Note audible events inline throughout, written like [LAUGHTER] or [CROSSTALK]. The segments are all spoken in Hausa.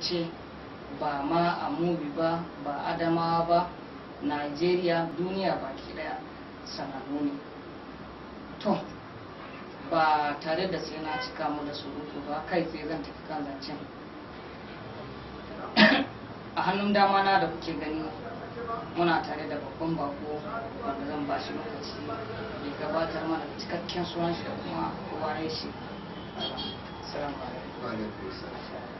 ce ba ma a mubi ba ba adamawa ba najeriya duniya baki daya sanannu ne to ba tare da sai na cika mu da surutu ba kai sai zan tafi kan zancen [COUGHS] a hannun dama na da kuke gani muna tare da babban bako wanda zan ba shi lokaci mai gabatar mana cikakken sunan shi da kuma kowa shi alaikum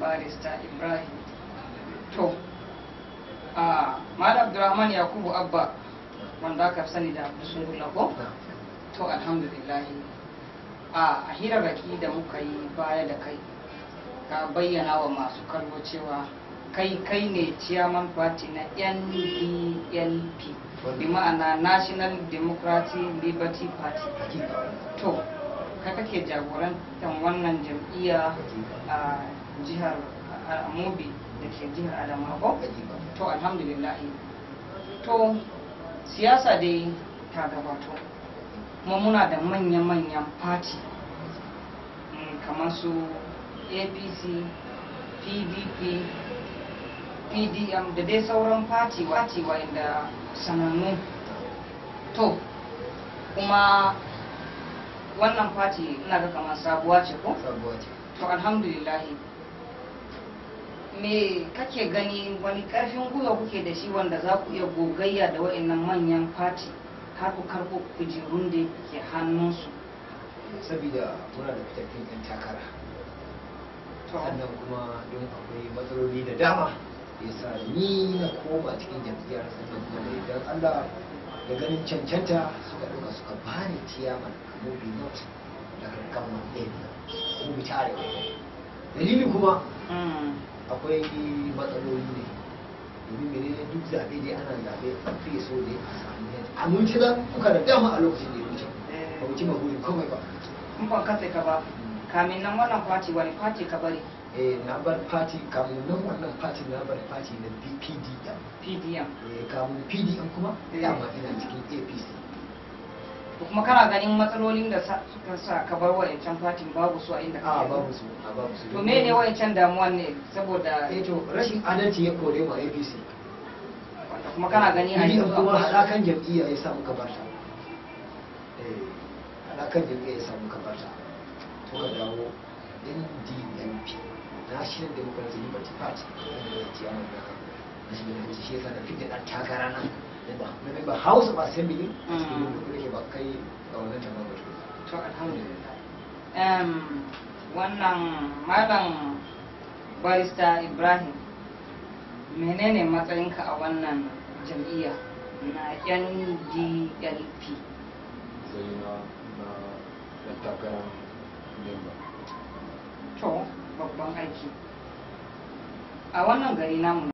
barista ibrahim to a mal abdurrahman yakubu abba wanda aka sani da sungulla ko to alhamdulillah a hirarraki da muka yi baya da kai ka bayyana wa masu kallo cewa kai kai ne chairman party na ndlp bi ma'ana national democratic liberty party to kake jagorantar wannan jam'iyya a jihar al'amobi da ke jihar adamawa to alhamdulillah to siyasa dai ta gabato kuma muna da manya-manyan fati mm, kamar su apc pdp pdm da dai sauran fati wa inda sanannu to kuma wannan fati ina ga kamar sabuwa ce ko sabuwa ce to alhamdulillah me kake gani wani karfin gwiwa kuke da shi wanda za ku iya gogayya da wa'annan manyan fati har ku karɓo kujerun da ke hannunsu saboda muna da fitattun yan takara sannan kuma don akwai matsaloli da dama yasa ni na koma cikin jam'iyyar sannan kuma da idan allah da ganin cancanta suka ɗauka suka bani tiyama a mubi not da kankan ko bi ta arewa dalili kuma hmm. akwai matsaloli ne domin mene duk zaɓe dai ana zaɓe fiye so ne a samu yadda ci za kuka da dama a lokacin da ya wuce ba wuce mahurin kawai ba in ba kasa ka ba kamin nan wannan fati wani fati ka bari eh na bar fati kamin nan wannan fati na bar fati na PDM PDM eh kamun PDM kuma eh. dama ina cikin APC to kuma kana ganin matsalolin da suka sa ka bar wa'ancan fatin babu su a inda ka a ah, babu su a ah, babu su to me ne wa'ancan damuwan ne saboda eh to rashin adalci ya kore ma APC kuma kana gani a yi kuma hadakan jam'iyya ya sa muka bar ta eh hadakan jam'iyya ya sa muka bar ta kuma dawo ndmp national democratic liberty party wanda ya ciyar da national shi yasa da fita da takara na na member house of assembly a cikin lokacin kuma ke ba kai a wannan tambayar to alhamdulillah wannan malam barista ibrahim menene matsayinka a wannan jam'iyya na ndlp sai na na takarar to babban aiki a wannan gari namu